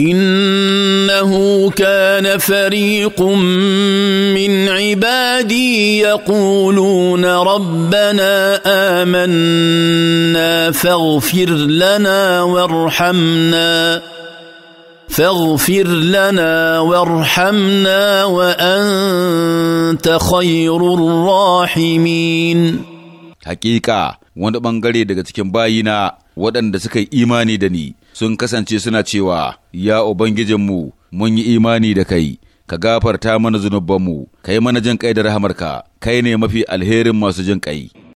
انه كان فريق من عبادي يقولون ربنا امنا فاغفر لنا وارحمنا فاغفر لنا وارحمنا وانت خير الراحمين حقيقه وانت bangare daga cikin waɗanda suka yi imani da ni sun kasance suna cewa, Ya Ubangijinmu, mun yi imani da kai, ka gafarta mana zunubanmu, ka yi mana jin kai da rahamarka, kai ne mafi alherin masu jin kai.